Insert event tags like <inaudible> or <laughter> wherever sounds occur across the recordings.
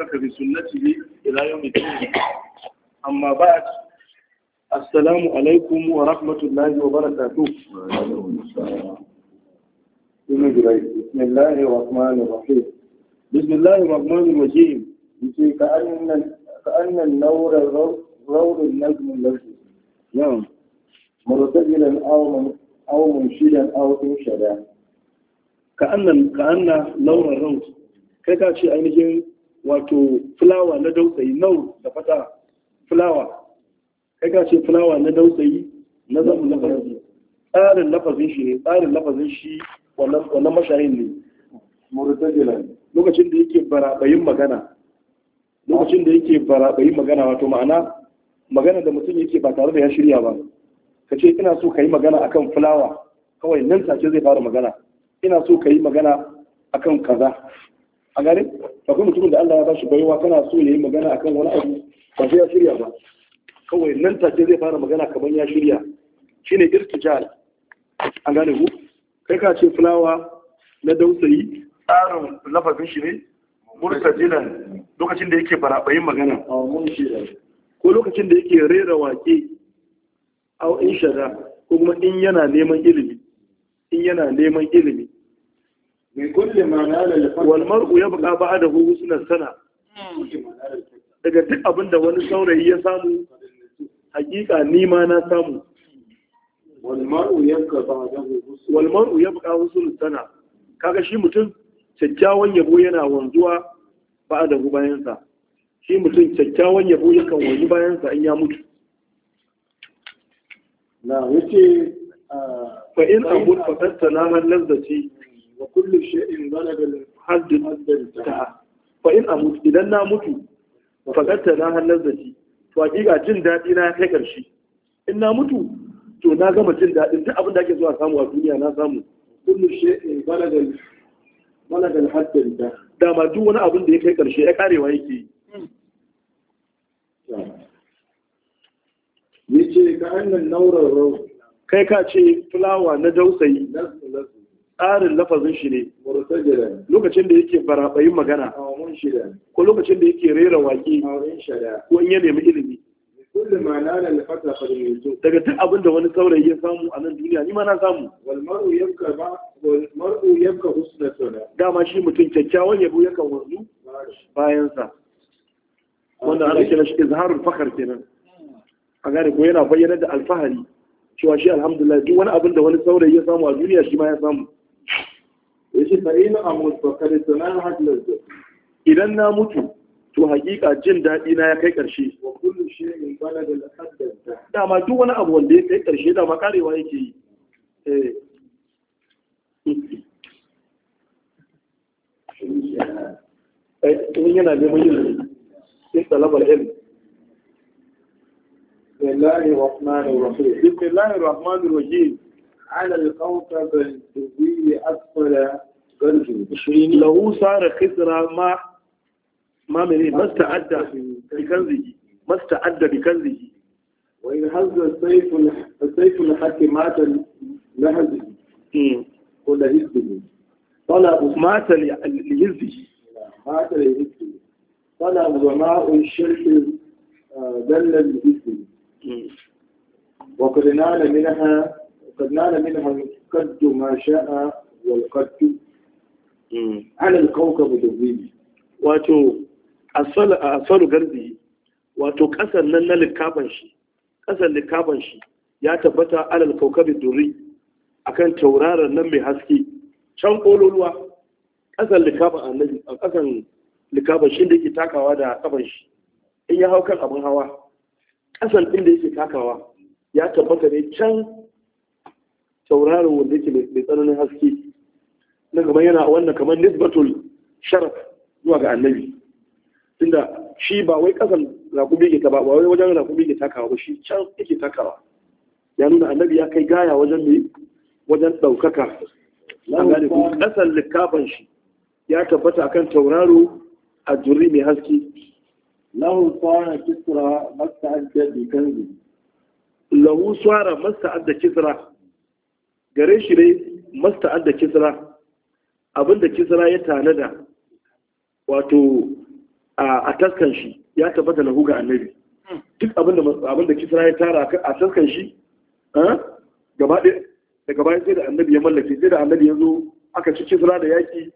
واستمسك بسنته إلى يوم الدين أما بعد السلام عليكم ورحمة الله وبركاته بسم الله الرحمن الرحيم بسم الله الرحمن الرحيم كأن كأن النور نور النجم الذي نعم مرتجلا أو من أو منشدا أو إنشدا كأن كأن نور الروض كيف تشي ce wato fulawa na dausayi nau da fata fulawa kai ka ce fulawa na dausayi na zamu lafazi tsarin lafazin shi ne tsarin lafazin shi wannan mashayin ne lokacin da yake barabayin magana lokacin da yake barabayin magana wato ma'ana magana da mutum yake ba tare da ya shirya ba ka ce ina so ka yi magana akan fulawa kawai nan take zai fara magana ina so ka yi magana akan kaza a gane akwai mutumin da Allah ya bashi baiwa kana so ya yi magana akan wani abu ba sai ya shirya ba kawai nan take zai fara magana kamar ya shirya shine irtijal an gane ku kai ka ce fulawa na dausayi tsarin lafafin shi ne murtajilan lokacin da yake barabayin magana ko lokacin da yake rera wake a in shada ko kuma in yana neman ilimi in yana neman ilimi min kulli ma nala al-fard wal mar'u sana daga duk abinda wani saurayi ya samu hakika ni ma na samu walmaru ya buka wasu husna sana kaga shi mutum kyakkyawan yabo yana wanzuwa ba a bayan bayansa, shi mutum kyakkyawan yabo yakan wanzu bayansa sa in ya mutu na wuce ah, fa'in in fatattana fatatta da halazzaci وكل شيء shay'in الحد al-hadd فإن أموت إذا in amut idan na mutu fa qatta na halazati to hakika jin na kai in na mutu to na gama jin daɗi, duk abin da ake zuwa samu a duniya na samu kullu shay'in balaga balaga al-hadd dama duk wani abin da ya kai karshe ya karewa yake yace ka annan naurar rau kai ka ce fulawa na dausayi tsarin lafazin shi ne lokacin da yake barabayin magana ko lokacin da yake rera waƙi ko in ya nemi ilimi daga duk abin da wani saurayi ya samu a nan duniya ni ma na samu dama shi mutum kyakkyawan yabo yakan wanzu bayansa wanda ana kira shi izharul fakar kenan a gane ko yana bayyana da alfahari cewa shi alhamdulillah duk wani abin da wani saurayi ya samu a duniya shi ma ya samu shi idan na mutu to hakika jin daɗi na ya kai ƙarshe wa kullu dama duk wani abu wanda ya kai ƙarshe dama karewa yake yi eh, eh yana neman yin talabar ilm Rahim Bismillahir Rahmanir لو صار خسر ما ما استعد بكنزه ما استعد بكنزه وإن هز السيف السيف لحكي مات لهزه قل طلب مات لهزه مات لهزه طلب وماء الشرك آه، دل لهزه وقد نال منها وقد نال منها القد ما شاء والقد Mm. alal kawkabu da zuwi wato asalu garbi wato kasan nan na likaban shi kasan likaban shi ya tabbata alal kawkabu duri akan tauraron nan mai haske can kololuwa kasan likaban annabi a kasan likaban shi da yake takawa da kaban shi in ya hau kan abin hawa kasan din da yake takawa ya tabbata ne can tauraron wanda yake mai tsananin haske na kamar yana wannan kamar nisbatul sharaf zuwa ga annabi tunda shi ba wai kasan rakubi yake ta ba wai wajen rakubi yake takawa ba shi can yake takawa ya nuna annabi ya kai gaya wajen ne wajen ɗaukaka an gane ku kasan likafan shi ya tabbata akan tauraro a juri mai haske lahu tsara kisra masta adda bi lahu tsara masta adda kisra gare shi ne masta adda kisra abinda kisra ya tanada wato a taskan shi ya tabbata na huga annabi duk abinda kisra ya tara a taskan shi gaba daga bayan sai da annabi ya mallake sai da annabi ya zo aka ci kisra da yaki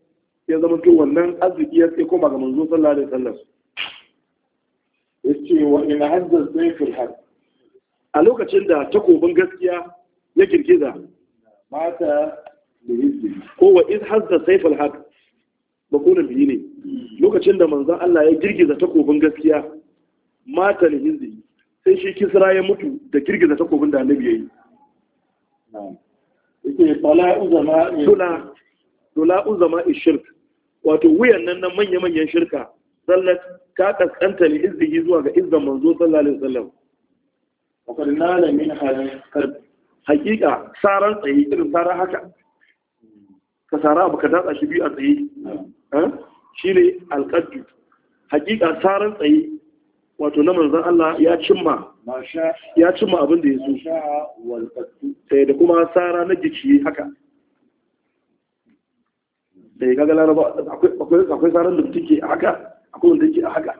ya zama to wannan arziki ya sai koma ga manzo sallallahu alaihi wasallam yace wa in hadda sayful har a lokacin da takobin gaskiya ya girgiza mata ko wa iz hazza sayful haq makulun bihi ne lokacin da manzon Allah ya girgiza takobin gaskiya mata li hizbi sai shi kisra ya mutu da girgiza takobin da annabi yayi yake tala uzama tula tula uzama ishirk wato wuyan nan na manya manyan shirka sallat ka kaskanta li izbihi zuwa ga izdan manzo sallallahu alaihi wasallam wa qad nala min hakika saran tsayi irin saran haka ka sara abu ka datsa shi biyu a tsaye eh? shi ne alƙaddu hakika tsarin tsaye wato na manzan Allah ya cimma ya cimma abin da ya so sai eh, da kuma tsara na giciye haka sai eh, kaga ba akwai tsarin da take a haka akwai wanda yake a haka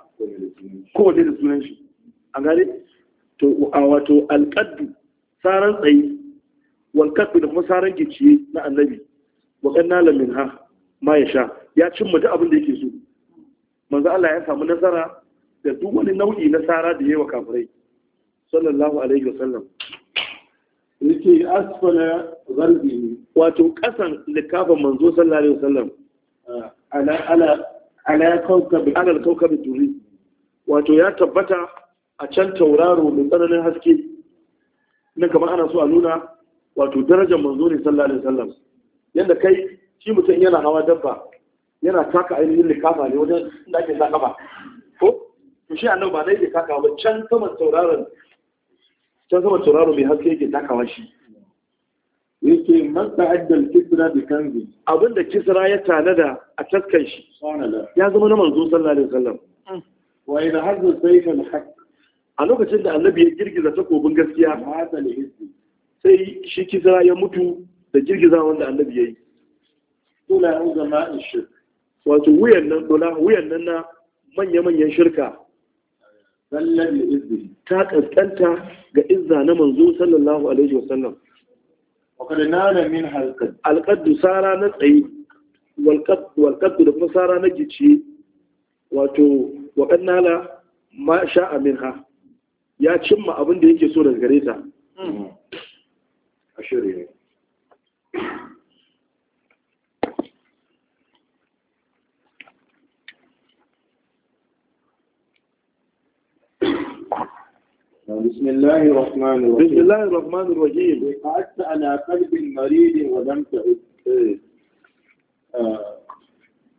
kowace da sunan shi a gane to a wato alƙaddu tsarin tsaye walƙaddu da kuma tsarin giciye na annabi wa qannala ha ma ya sha ya cimma duk abin da yake so manzo Allah ya samu nasara da duk wani nau'i na sara da yawa wa kafirai sallallahu alaihi wasallam yake asfala zalbi wato kasan likafin manzo sallallahu alaihi wasallam ah, ala ala ala kawkabi ala kawkabi turi wato ya tabbata a can tauraro mai tsananin haske na kamar ana so a nuna wato darajar manzo ne sallallahu alaihi wasallam yadda kai shi mutum yana hawa dabba yana taka ainihin likama ne wajen da ake sa kafa ko to shi annabi ba dai yake taka ba can saman tauraron can sama tauraro mai haske yake takawa shi yake man ta'addal kisra bi kanzi abinda kisra ya tanada a taskan shi ya zama na manzo sallallahu alaihi wasallam wa idha hazza sayf haq a lokacin da annabi ya girgiza takobin gaskiya sai shi kisra ya mutu da girgiza wanda annabi ya yi dola an zama in shirk wato wuyan nan dola wuyan nan na manya-manyan shirka sallar da ta ƙasƙanta ga izza na manzo sallallahu alaihi wasallam min halkar alƙaddu sara na tsaye walƙaddu da kuma sara na gici wato waɗannala ma sha amin ha ya cimma abin da yake so daga gare ta hmm. a shirya بسم الله الرحمن الرحيم بسم الله الرحمن الرحيم قعدت على قلب مريض ولم تعد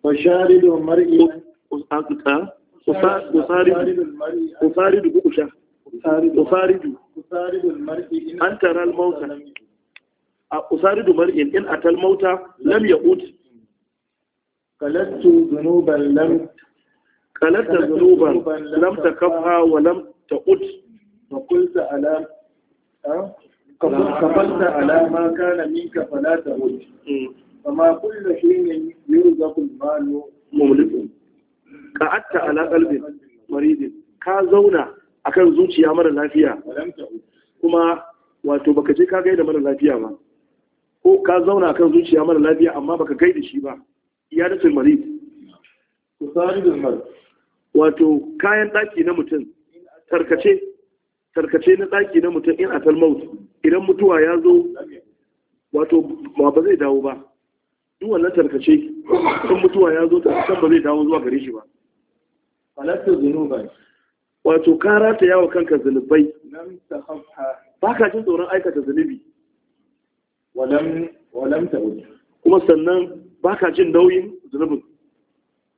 فشارد المرء أفارد بؤشة أفارد أفارد المرء أن ترى الموتى أفارد المرء إن أتى الموتى لم يعود قلدت ذنوبا لم قلدت ذنوبا لم تكفها ولم تعد فقلت على قبلت على ما كان منك فلا تهج فما كل شيء يرزق المال مولد قعدت على قلب مريض كازونا zauna akan zuciya mara lafiya kuma wato baka je ka gaida mara lafiya ba ko ka zauna akan zuciya mara lafiya amma baka gaida shi ba ya da marid wato kayan daki na mutum tarkace tarkace na tsaki na mutum in atal maut idan mutuwa ya zo wato ba zai dawo ba duk wannan tarkace in mutuwa ya zo tarkacen ba zai dawo zuwa gare shi ba falatar zunubai wato kara ta yawa kanka zunubai ba ka jin tsoron aikata zunubi walam ta kuma sannan ba ka jin nauyin zunubin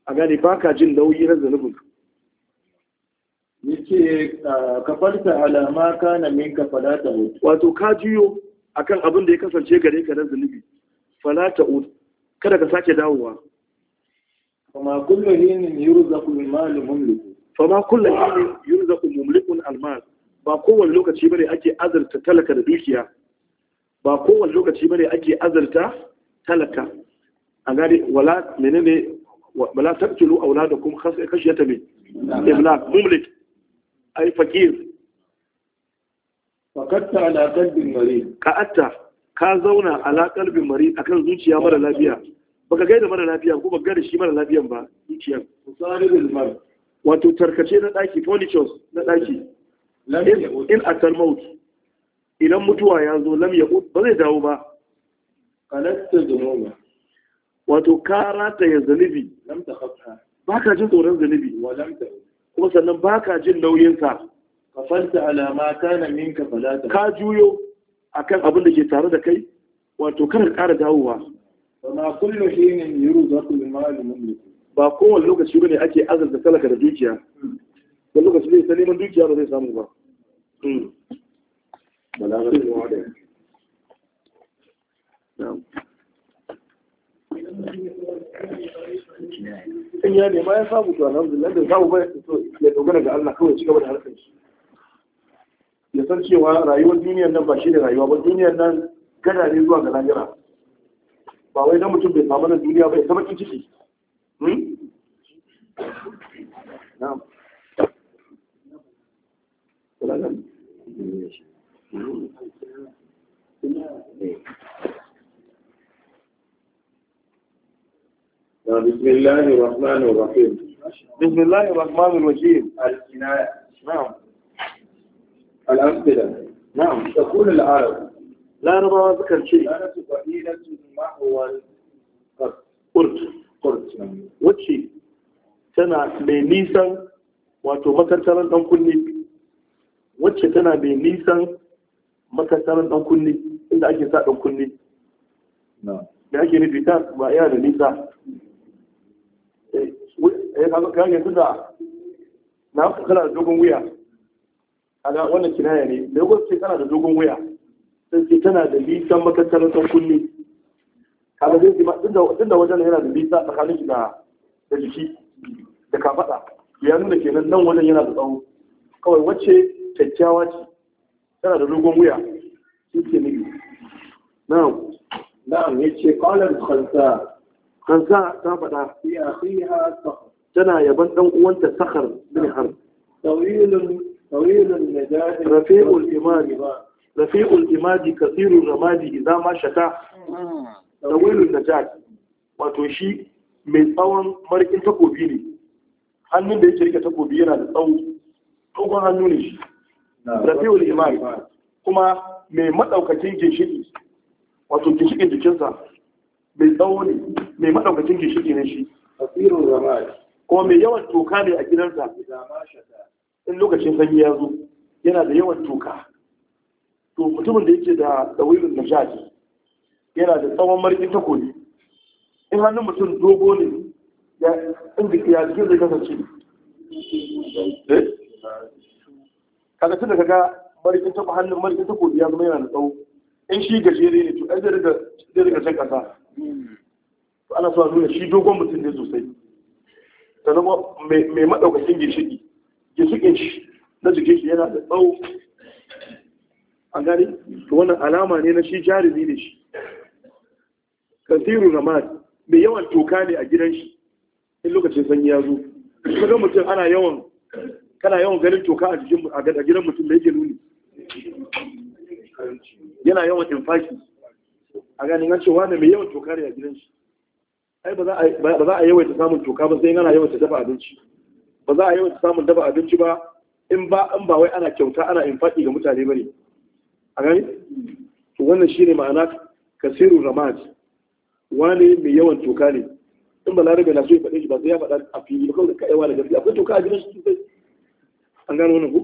a gane ba ka jin nauyi na zunubin ce ah, ka farta alama kana min ka falata wato ka jiyo akan abin da ya kasance gare ka na zunubi falata ud kada ka sake dawowa fama kullu hinin yurzaqu min malin mumlik fama kullu hinin yurzaqu mumlikun almal ba kowane lokaci bane ake azurta talaka da dukiya ba kowane lokaci bane ake azurta talaka a gane wala menene wala taqtulu auladakum khashiyata min imlak mumlik ai fakir fakatta ala kalbin mari ka atta ka zauna ala kalbin mari akan zuciya mara lafiya baka gaida mara lafiya ko baka gaida shi mara lafiyan ba zuciya musaribul mar wato tarkace na daki furnitures na daki in atal maut idan mutuwa ya zo lam ya ba zai dawo ba kalatta zunuba wato ka rata ya zalibi lam ta baka jin tsoron zalibi wa lam ta kuma sannan ba ka jin nauyinka ka fanta alama kana minka falata ka juyo a kan abin da ke tare da kai wato kanar ƙara dawowa ba kowane lokaci bane ake azurta talaka da dukiya da lokaci zai sai neman dukiya ba zai samu ba hmm. balagar da in ya nema ya samu to alhamdulillah da samu ba ya dogara ga Allah kawai ci gaba da harkar shi ya san cewa rayuwar duniyar nan ba shi da rayuwa ba duniyar nan gada ne zuwa ga lahira ba wai dan mutum bai samu nan duniya ba ya saba ciki hmm? na'am Thank eh. you. بسم الله الرحمن الرحيم بسم الله الرحمن الرحيم الكناية نعم الأمثلة نعم تقول العرب لا ربما ذكر شيء كانت قليلة محو القرد قرد وشي تنا بنيسا wato makarantar dan kunni wacce tana mai nisan makarantar dan kunni inda ake sa dan kunni da ake nufi ta ba yana da nisa eh kaga kaga yanzu da na kana da dogon wuya kaga wannan kinaya ne da ce kana da dogon wuya sai ce tana da lisan matattarar san kulli kaga zai ce ma tun da wajen yana da lisa tsakanin da da jiki da kafada ya nuna kenan nan wajen yana da tsawo kawai wacce kyakkyawa ce tana da dogon wuya shi ke nufi na'am na'am yace qala al-khansa khansa ta faɗa fi akhiha safa tana yaban ɗan uwanta sakhar bin har tawilun tawilun najah rafi'ul imani rafi'ul imadi kasirul ramadi idza ma shaka tawilun najah wato shi mai tsawon marikin takobi ne hannun da yake rike takobi yana da tsawo dogon hannu ne shi rafi'ul imani kuma mai madaukakin ginshiki wato ginshikin jikinsa mai tsawo ne mai madaukakin ginshiki ne shi kasirul ramadi ko mai yawan toka ne a gidansa in lokacin sanyi ya zo yana da yawan toka to mutumin da yake da dawilin najati yana da tsawon markin takobi in hannun mutum dogo ne ya inda ya jikin zai kasance eh? kaga tun da kaga markin tako hannun markin takobi ya zama yana da tsawo in shi gajere ne to ɗan zai riga jan kasa ana so a nuna shi dogon mutum ne sosai sannan mai maɗaukacin ginshiki ginshikin shi na jikin shi yana da tsawo a gani to wannan alama ne na shi jarumi ne shi kasiru ramad mai yawan toka ne a gidan shi in lokacin sanyi ya zo kaga mutum ana yawan kana yawan ganin toka a jikin a gidan mutum da yake nuni yana yawan infaki a ganin an ce wani mai yawan toka ne a gidan shi ai ba za a yawaita samun toka ba sai ana yawaita dafa abinci ba za a yawaita samun dafa abinci ba in ba in ba wai ana kyauta ana faɗi ga mutane ba ne. a gani to wannan shine ma'ana kasiru ramaj wani mai yawan toka ne in ba larabe na so ya faɗe shi ba sai ya faɗa a fili ba kawai ka yawa da gaskiya akwai toka a gidan shi sosai an gano wannan ku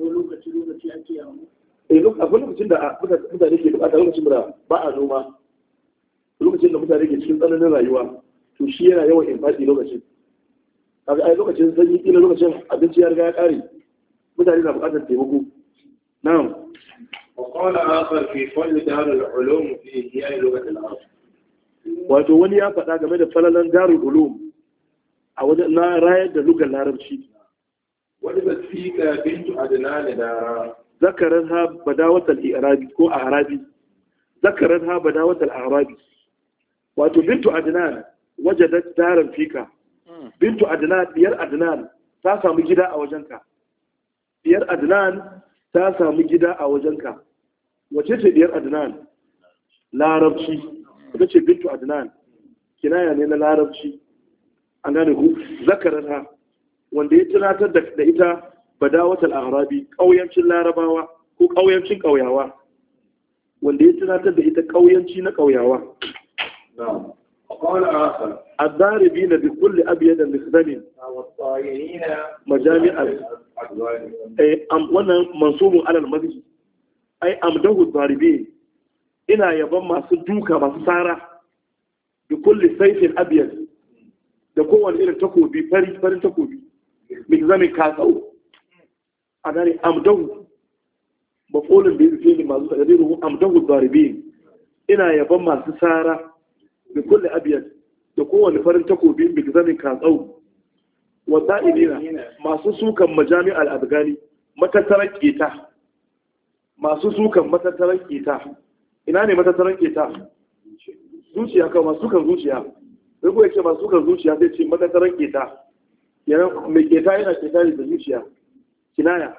eh, lokaci lokaci ake yawo A lokacin da mutane ke bukata lokacin da ba a noma lokacin da mutane ke cikin tsananin rayuwa to shi yana yawan infaki lokacin kaga ai lokacin sanyi kila lokacin abinci ya riga ya kare mutane na buƙatar taimako na'am وقال آخر في فضل دار العلوم في إحياء لغة العرب wato wani ya faɗa game da falalan darul ulum a wajen na rayar da lugar larabci wani da tsika bintu adana da dara zakarar ha badawatal arabi ko arabi zakarar ha badawatal arabi wato bintu adnan wajadat daran fika hmm. bintu adnan biyar adnan ta samu gida a wajenka biyar adnan ta samu gida a wajenka wace ce biyar adnan larabci Wata ce bintu adnan kinaya ne na larabci an gane ku zakarata wanda ya tunatar da ita badawatal arabi ƙauyancin larabawa ko ƙauyancin ƙauyawa wanda ya tunatar da ita ƙauyanci na ƙauyawa وقال آخر الضاربين بكل أبيض مخزن والطائرين مجامع أي أم وانا منصوب على المدي أي أمده الضاربين إنا يبان ما سدوك ما سارة بكل سيف da kowane irin farin takobi mai zame kasau a gane amdahu ba kolin da yake ne masu tsararru amdahu zaribi ina yaban masu tsara da kulle abiyad da kowane farin takobi bi zamin katsau wa sa'ilina masu sukan majami al-adgani matattaran keta masu sukan matattaran keta ina ne matattaran keta zuciya kan masu sukan zuciya sai ko yace masu sukan zuciya zai ce matattaran keta yana mai keta yana keta da zuciya kinaya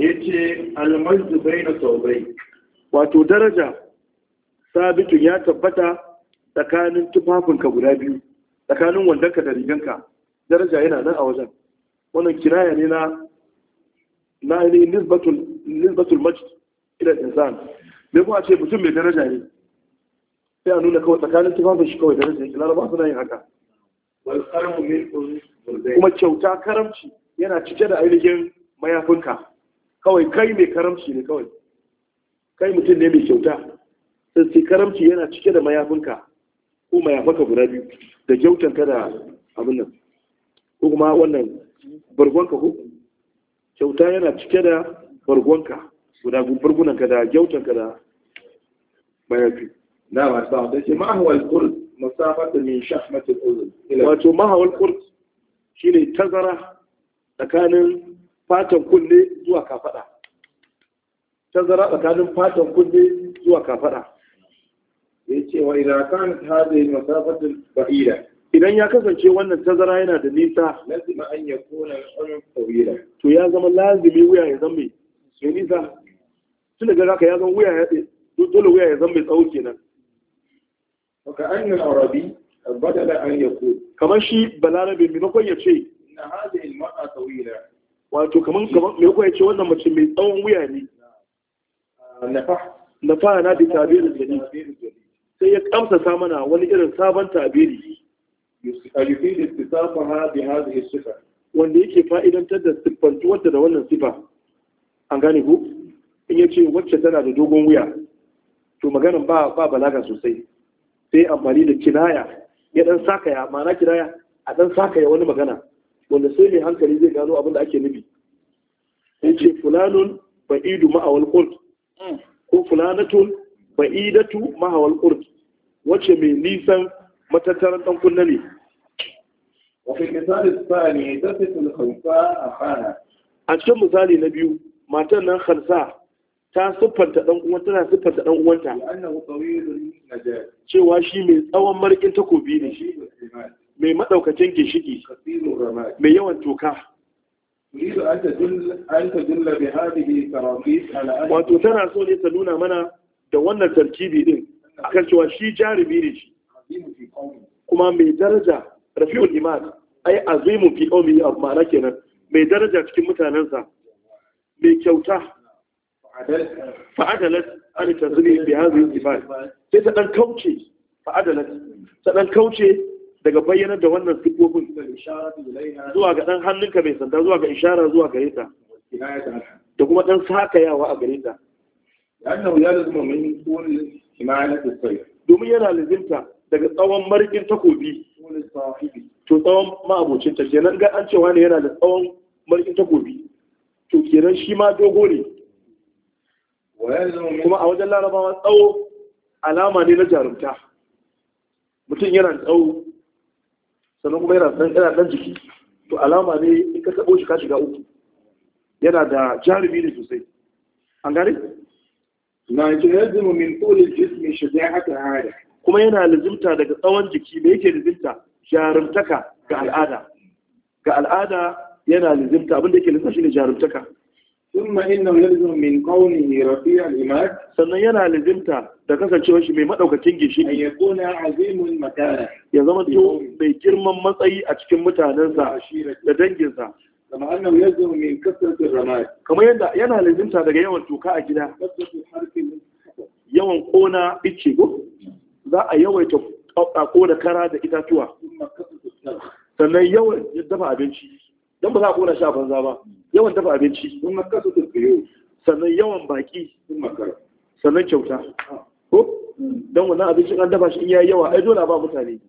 Ya ce al bai na tawbai wato daraja sabitun ya tabbata tsakanin tufafinka guda biyu tsakanin wandonka da riganka daraja yana nan a wajen wannan kiraya ne na na ne nisbatul majd ila insan me kuma ce mutum mai daraja ne sai a nuna kawai tsakanin tufafin shi kawai daraja yake laraba suna yin haka kuma kyauta karamci yana cike da ainihin mayafinka kawai kai mai karamci ne kawai kai mutum ne mai kyauta sai sai karamci yana cike da mayafinka ko mayafinka guda biyu da gyautanka da abin nan ko kuma wannan bargonka ko kyauta yana cike da bargonka guda bargunanka da gyautanka da mayafi na ba ta da ce mahawal kurd masafata min shahmatil uzun wato mahawal kurd shine tazara tsakanin fatan kunne zuwa kafada tazara tsakanin fatan kulle zuwa kafada ya ce wa idan kan hadhihi masafatul ba'ida idan ya kasance wannan tazara yana da nisa lazima an yakuna al tsawon tawila to ya zama lazimi wuya ya zama mai nisa tun daga haka ya zama wuya ya dole wuya ya zama mai tsawo kenan wa ka anna arabi badala an yakun kamar shi balarabe maimakon ya ce na hada al-mar'a tawila wato kamar maimakon ya ce wannan mace mai tsawon wuya ne na fa na bi tabir jadid sai ya kamsa mana wani irin sabon tabiri wanda yake fa'idantar da siffantuwarta da wannan siffa? an gane ku in ce wacce tana da dogon wuya to maganan ba balaga sosai sai amfani da kinaya ya dan sakaya mana kinaya a dan sakaya wani magana wanda sai mai hankali zai gano abin da ake nufi ce fulanun idu ma'awal kult mm. ko fulanatun ba'idatu mahawal qurb wace mai nisan matattarar dan kunna ne a cikin misali na biyu matan nan kharsa ta siffanta dan uwan tana siffanta dan uwanta cewa shi mai tsawon markin takobi ne mai madaukakin gishiki mai yawan toka wato tana so ne ta nuna mana da wannan tarkibi din akan cewa shi jarumi ne shi kuma mai daraja rafi'ul iman ai azimun fi qawmi ma'ana kenan mai daraja cikin mutanensa mai kyauta adalat an tazri bi hadhihi al sai ta dan kauce adalat ta dan kauce daga bayyanar da wannan sifofin zuwa ga dan hannunka mai sanda zuwa ga ishara zuwa gare ta da kuma dan sakayawa a gare ta ya zuma mai من طول حماية السيف domin yana lizinta daga tsawon marikin takobi to tsawon ma'abocinta nan ga an cewa ne yana da tsawon marikin takobi to kenan shi ma dogo ne kuma a wajen larabawa tsawo alama ne na jarumta mutum yana tsawo sannan kuma yana dan yana dan jiki to alama ne in ka taɓo shi ka shiga uku yana da jarumi ne sosai an gane na mu min qul al-jism shaja'at haka ada kuma yana lazimta daga tsawon jiki da yake lazimta jarumtaka ga al'ada ga al'ada yana lazimta abin da yake lazimta shine jarumtaka ثم إنه min من كونه رفيع الإمام sannan yana lazimta da kasancewar shi mai madaukakin gishiri ya kuna azimun makana ya zama to mai girman matsayi a cikin mutanensa da danginsa kama annan yanzu min kamar yadda yana lazimta daga yawan toka a gida yawan kona ice za a yawaita ko da kara da itatuwa sannan yawan dafa abinci don ba za a kona shi a banza ba yawan dafa abinci sannan yawan baki sannan kyauta ah. ko don wannan abincin an dafa shi in yayi yawa ai dole ba mutane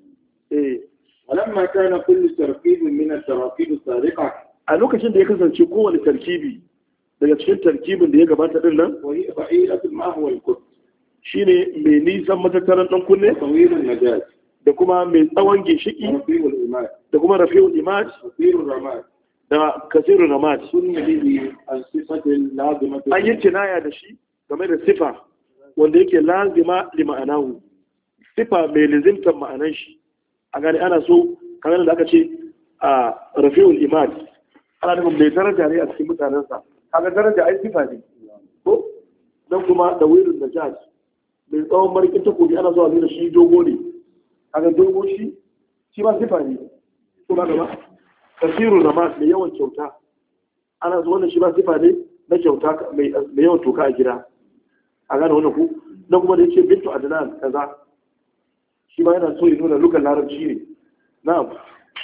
eh alamma kana kullu tarfidun min at-tarafid sariqa a lokacin da ya kasance kowane tarkibi daga cikin tarkibin da ya gabata din nan shi ne mai nisan matattaran ɗan kunne da kuma mai tsawon ginshiki da kuma rafi'ul imaj da kasirun ramad an yi cinaya da shi game da sifa wanda yake lazima li ma'anahu sifa mai lizimtar ma'anan shi a gani ana so kamar da aka ce a rafi'ul imaj ana nufin mai daraja ne a cikin mutanensa kaga daraja ai sifa ne ko nan kuma da wirin da jaj mai tsawon markin takobi ana zuwa nuna shi dogo ne kaga dogo shi shi ma sifa ne ko ba gaba kasiru na ma mai yawan kyauta ana zuwa wannan shi ma sifa ne na kyauta mai yawan toka a gida a gane wannan ku nan kuma da ce bintu adnan kaza shi ma yana so ya nuna lukan larabci ne na'am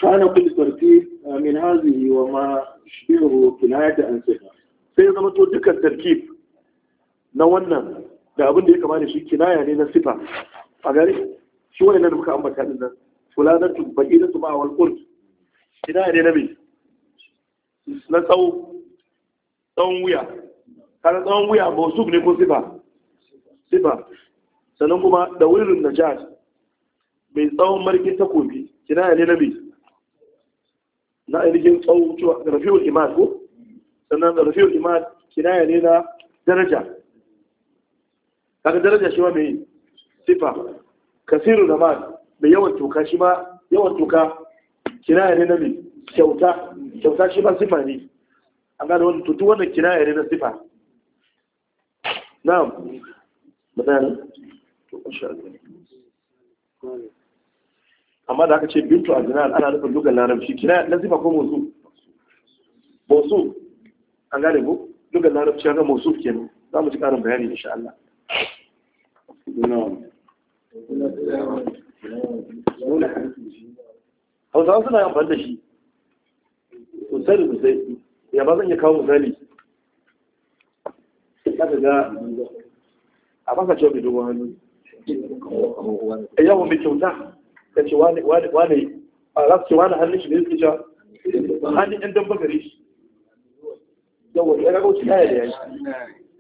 كان في الترتيب ma هذه وما يشبهه كناية عن صفة sai zama to dukkan tarkib na wannan da abinda da ya kamata shi kinaya ne na sifa a gari? shi wannan da muka ambata din nan fulanatu baqidatu ma wal qurb kinaya ne na me na tsawon wuya kana tsawon wuya mawsuf ne ko sifa sifa sannan kuma da wurin najat mai tsawon marki takobi kinaya ne na me na ainihin tsawo cewa rafiul imad ko sannan rafiul imad kinaya ne na daraja kaga daraja shi ma mai sifa kasiru da ma mai yawan toka shi ma yawan toka kinaya ne na mai kyauta kyauta shi ma sifa ne an gada wani tutu wannan kinaya ne na sifa na'am mutane to insha ne amma da aka ce bintu a zinar ana nufin dukkan larabci kina zifa ko mosu mosu an gane ku dukkan larabci ga motsu kenan za mu ci karin bayani insha Allah Hausawa suna yin da shi sosai da sosai ya ba zan iya kawo misali aka ga a baka cewa mai dogon hannu yawon mai kyauta ka ce wane wane a za su ce wane hannun shi da suke cewa hannun yan dan bagare shi yawa ya ga wuce kaya da yayi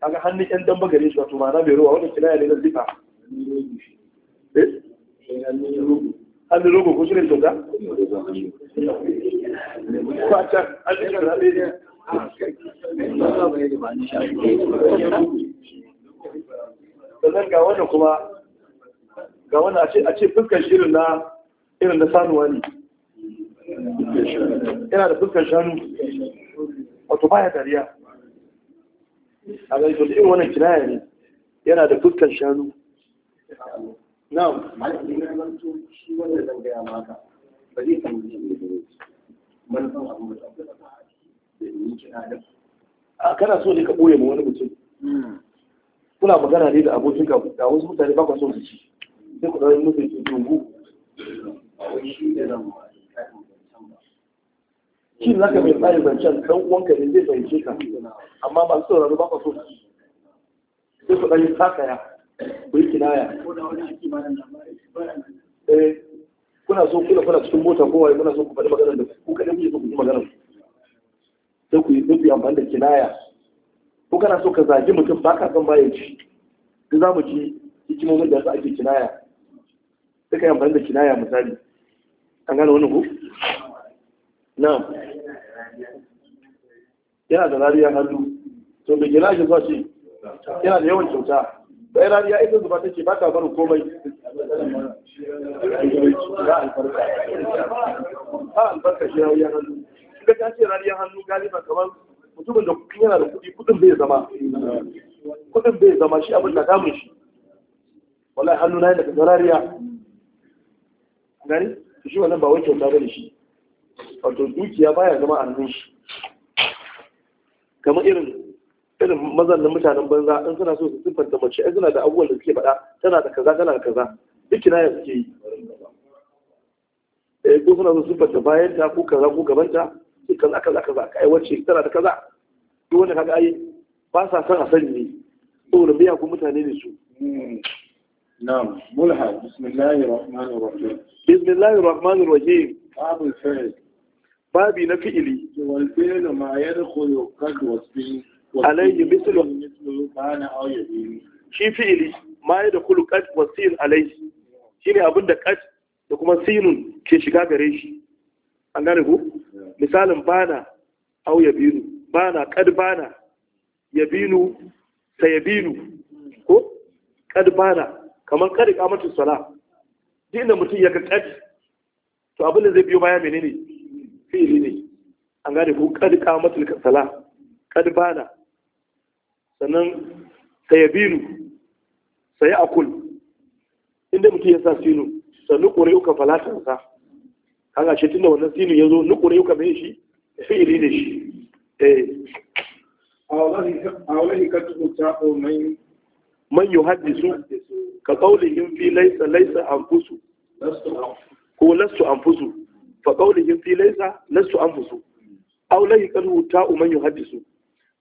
kaga hannun yan dan bagare shi wato ma'ana bai ruwa wannan kinaya ne na zika eh? hannun rogo ko shirin kyauta ko can an yi kan zaɓe ne sannan ga wannan kuma ga wani a ce fuskar shirin na irin da sanuwa ne yana da fuskar shanu wato baya dariya a ga ito irin wannan kinaya ne yana da fuskar shanu na'am shi wanda zan gaya maka ba zai kan yi san abu da da yi kira a kana so ne ka ɓoye ma wani mutum hmm. kuna magana ne da abokin ka da wasu mutane ba ka so su ci sai ku ɗauki musu su dungu za ka mai tsarin zancen ɗan uwanka ne zai fahimce ka amma masu sauraro ba ka so sai ku ɗauki takaya ku yi kinaya eh, kuna so kuna kuna cikin mota kowa kuna so ku faɗi maganar da ku kaɗai kuke so ku ji maganar sai ku yi nufi amfani da kinaya ko kana so ka zagi mutum ba ka son bayan ci ku za mu ci hikimomin da sa ake kinaya sai ka yi amfani da kinaya misali an gane wani ku? Na. yana da rariya hannu to mai gina shi zuwa ce yana da yawan kyauta bai rariya ita zuba ce ba ta faru komai ba albarka shi rariya hannu ga ta ce rariya hannu galiba kamar mutumin da yana da kuɗi kuɗin bai zama kuɗin bai zama shi abin da damun shi wallahi hannu na yi daga rariya gani shi wannan ba wai kyauta bane shi wato dukiya baya zama annun shi kamar irin irin mazan na mutanen banza in suna so su siffanta mace ai suna da abubuwan da suke faɗa tana da kaza tana da kaza duk na yanzu yi eh ko suna so su siffanta bayan ta ko kaza ko gaban ta sai kaza kaza kaza kai wacce tana da kaza duk wanda kaga ai ba sa son a sani ne to rubiya ko mutane ne su نعم ملحق بسم الله الرحمن الرحيم بسم الله shi fi'ili ma da kulu kat wa sin alai shi ne abin da kat da kuma sinun ke shiga gare shi an gane misalin bana au ya bana kad bana ya binu sa ya binu ko kad bana kamar kada kamatu sala duk inda mutum ya ga to abin da zai biyo baya menene fi'ili ne an gane ko kada kamatu sala kad bana sannan sayabinu sai akul inda mutum ya sa sinu sannu kore uka falatansa kaga shi tunda wannan sinu ya zo kore uka mai shi fi'ili ne shi eh a wani ka ko o mai man su, ka ƙaunin yin fi laisa an fusu. ko lastu anfusu fa qawlihim fi laysa lastu anfusu aw la yaqulu ta'u man su.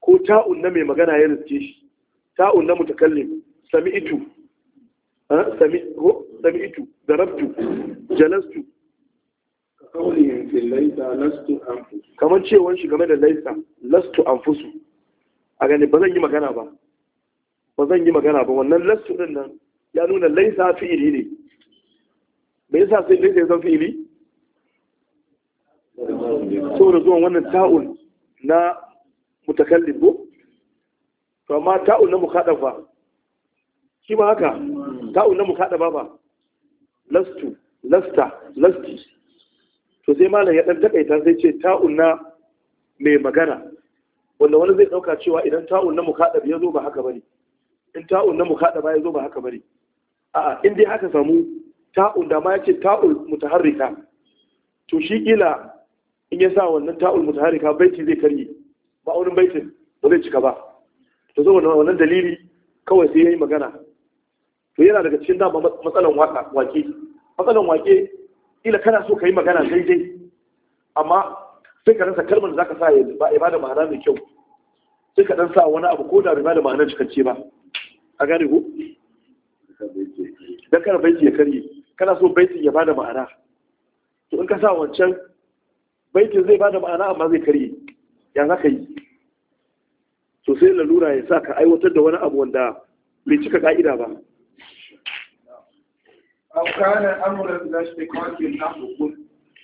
ko ta'un na mai magana ya riske shi ta'un na mutakallim sami'tu sami'tu darabtu jalastu kamar cewa shi game da laisa an fusu. a gani ba zan yi magana ba ba zan yi magana ba wannan lastu din nan ya nuna laisa fi'ili ne me yasa sai laisa ya zan fi'ili da zuwan wannan ta'un na mutakallim ko to amma ta'un na mukaddaf ba shi ma haka ta'un na mukaddaba ba lastu lasta lasti to sai malam ya dan takaita sai ce ta'ul na mai magana wanda wani zai dauka cewa idan ta'un na mukaddaf ya zo ba haka bane in ta'un na mukaɗa ba ya zo ba haka bane a'a in dai haka samu ta'un da ma yace ta'ul mutaharrika to shi kila in ya sa wannan ta'ul mutaharrika baiti zai karye ba aurin baitin ba zai cika ba to zo wannan dalili kawai sai yayi magana to yana daga cikin dama matsalan waka wake matsalan wake kila kana so ka yi magana daidai amma sai ka rasa kalmar da zaka sa ya ba da ma'ana mai kyau sai ka dan sa wani abu ko da bai ba da ma'ana cikakke ba a gane ku dan kana baiti ya karye kana so baitin ya bada ma'ana to in ka sa wancan baitin zai bada ma'ana amma zai karye ya za ka yi to sai lalura ya sa ka aiwatar da wani abu wanda bai cika ka'ida ba أو كان أمرا لا اشتقاق نحوكم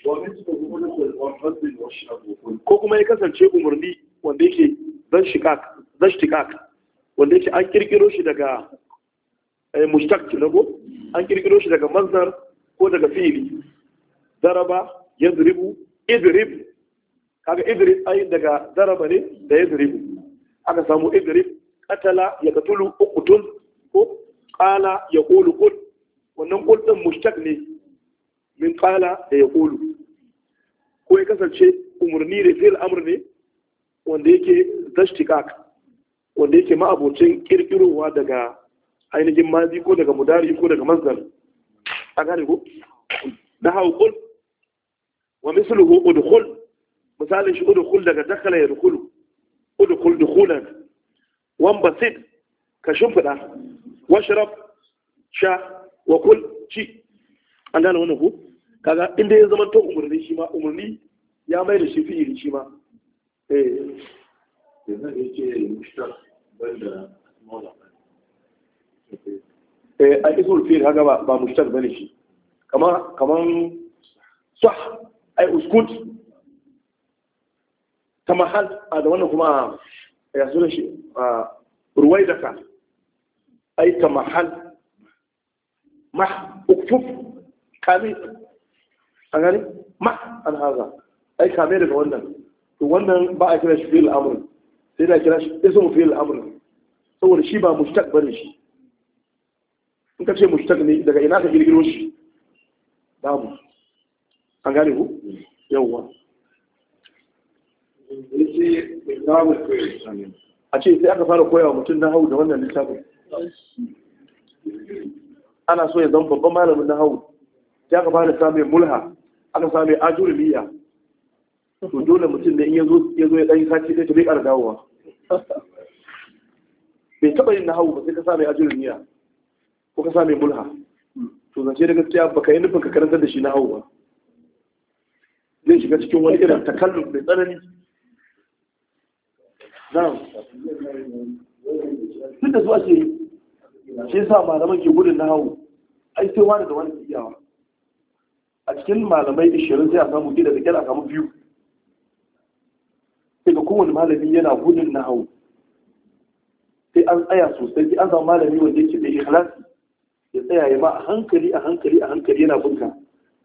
ومثله ملك والفضل والشرف ko kuma ya kasance umarni wanda yake zan shi zan wanda yake an kirkiro shi daga eh, mushtaq lagu an kirkiro shi daga mazdar ko daga fili daraba yadribu idrib kaga idrib ai daga daraba ne da yadribu aka samu idrib qatala ya qatulu uqtul ko qala ya qulu qul wannan qul din mushtaq ne min qala da ya qulu ko ya kasance umurni da fil amr ne wanda yake tashtiqaq wanda yake ma'abocin kirkirowa daga ainihin mazi ko daga mudari ko daga mazdar a gane ko na haukul wa misluhu udkhul misalin shi udkhul daga dakala ya dukulu udkhul dukhulan wan basid ka shimfida washrab sha wa kul ci an gane wannan ko kaga inda ya zama to umurni shi ma umurni ya mai da shi fi'ili shi ma eh a ismul fi'il haka ba mushtaq bane shi kamar kaman sah ai uskut tamahal a da wannan kuma ya sura shi ruwaidaka ai tamahal mah uktuf kami an gani Ma an haza ai kame daga wannan to wannan ba a kira shi fi'il amr sai da kira shi mu fi'il al'amuran saboda shi ba mushtaq bane shi in ka ce mushtaq ne daga ina ka girgiro shi babu an gane ku yawwa a ce sai aka fara koyawa mutum na hau da wannan littafin ana so ya zama babban malamin na hau sai aka fara samun mulha aka samun miya to dole mutum ne in ya zo ya ɗan yi sati sai ta bai ƙara dawowa <laughs> bai taɓa yin nahawu ba sai ka sa mai ajiyar niyya ko ka sa mai mulha to zance da gaskiya ba ka yi nufin ka karantar da shi nahawu ba zai shiga cikin wani irin takallum mai tsanani na'am duk da su ake shi yasa malaman ke gudun nahawu ai sai wani da wani iyawa a cikin malamai 20 sai a samu gida da kyar a samu biyu kowane malami yana gudun na hau sai an tsaya sosai sai an zama malami wanda yake da ikhlasi ya tsaya ya ma a hankali a hankali a hankali yana bunka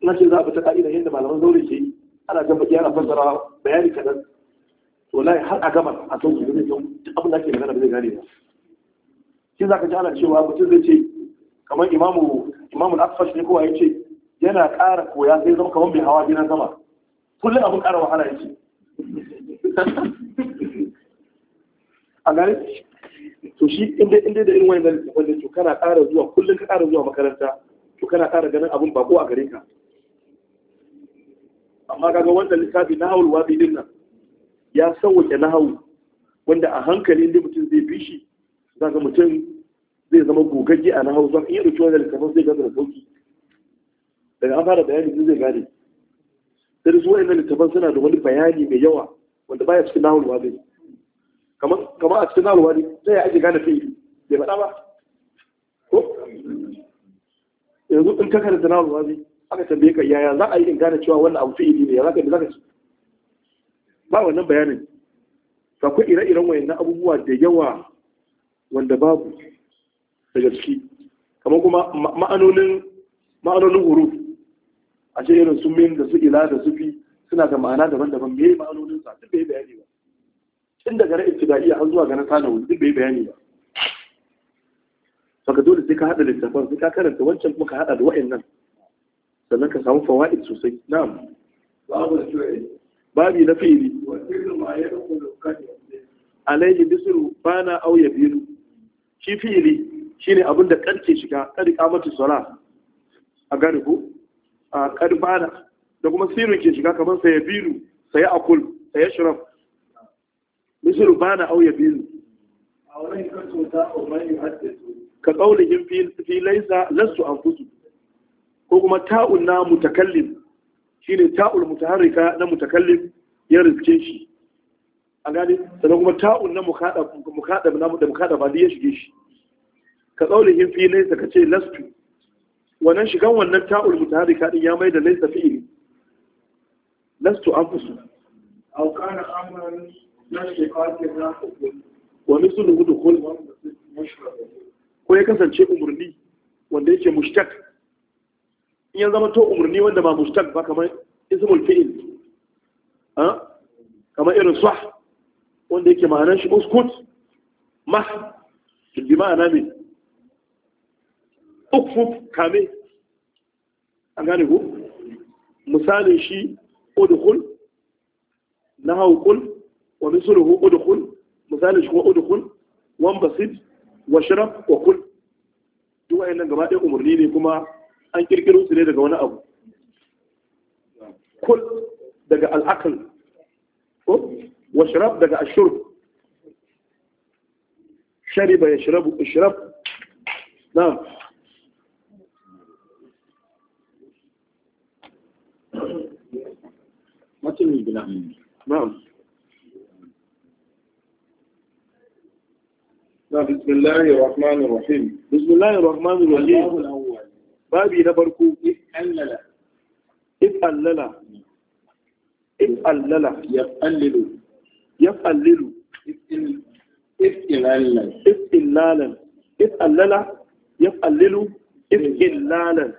ina ce za a fita ka'ida yadda malaman zaure ke yi ana gama yana fassara bayani kaɗan to lai har a gama a tsohon gudun yau duk abin da ake magana ba zai gane ba shi za ka ji ana cewa mutum zai ce kamar imamu imamu al-akfash ne kowa ya ce yana ƙara koya sai zama kamar mai hawa biyu na sama kullum abin ƙara wahala ya ce. a gane to shi inda inda da irin wannan wanda to kana ƙara zuwa kullum ka ƙara zuwa makaranta to kana ƙara ganin abin ba ko a gare ka amma kaga wannan lissafi na hawul wabi din nan ya sauke na hawu wanda a hankali inda mutum zai bi shi za ga mutum zai zama gogagge a na hawu zan iya dauki wannan littafin zai gaza da sauki daga an fara bayani zai gane sai su wa'annan littafan suna da wani bayani mai yawa wanda baya cikin nahul wadi kamar kamar a cikin nahul wadi sai ake gane fi'ili bai faɗa ba ko yanzu in ka karanta nahul wadi aka tambaye ka yaya za a yi in gane cewa wannan abu fi'ili ne ya zaka zaka ba wannan bayanin ka akwai ire-iren wayannan abubuwa da yawa wanda babu daga ciki kamar kuma ma'anonin ma'anonin huruf a ce irin su min da su ila da su fi suna da ma'ana daban-daban me ma'anonin sa duk bai bayani ba tun daga su ibtidaiya har zuwa ga na sana wani duk bai bayani ba saka dole sai ka haɗa littafan sai ka karanta wancan kuma ka haɗa da wa'annan sannan ka samu fawaid sosai na'am babu babi na fi'ili alayhi bisru bana auya biyu shi fi'ili shine abin da karke shiga kadi kamatu sala a garibu a karbana da kuma sirrin ke shiga kamar ya biru ya akul saya shiraf misir bana au ya biru ka kaulihim fi laisa an anfusu ko kuma ta'un na mutakallim ne ta'ul mutaharrika na mutakallim ya riske shi a gani sannan kuma ta'un na mukaɗaɓa na da mukaɗaɓa ya shige shi ka kaulihim fi ka ce lastu wannan shigan wannan ta'ul mutaharrika din ya mai da laisa fi'ili lastu anfusu aw kana amran nashqatin naqul wa mithluhu dukhul ko ya kasance umarni wanda yake mushtaq in ya zama to umarni wanda ba mushtaq ba kamar ismul fi'il ha kamar irin sah wanda yake ma'anar shi uskut mah bi ma'ana ne ukfuf kame an gane ku misalin shi ادخل nahaw qul ومثله ادخل udkhul misalin ادخل وانبسط udkhul وكل basid wa shrab gaba ɗaya umarni ne kuma an kirkiro su ne daga wani abu kul daga al'akal ko wa daga Shirabu, na. متن البناء نعم بسم الله الرحمن الرحيم بسم الله الرحمن الرحيم babi na farko if'allala if'allala yaf'allilu yaf'allilu if'illalan if'illalan if'allala yaf'allilu if'illalan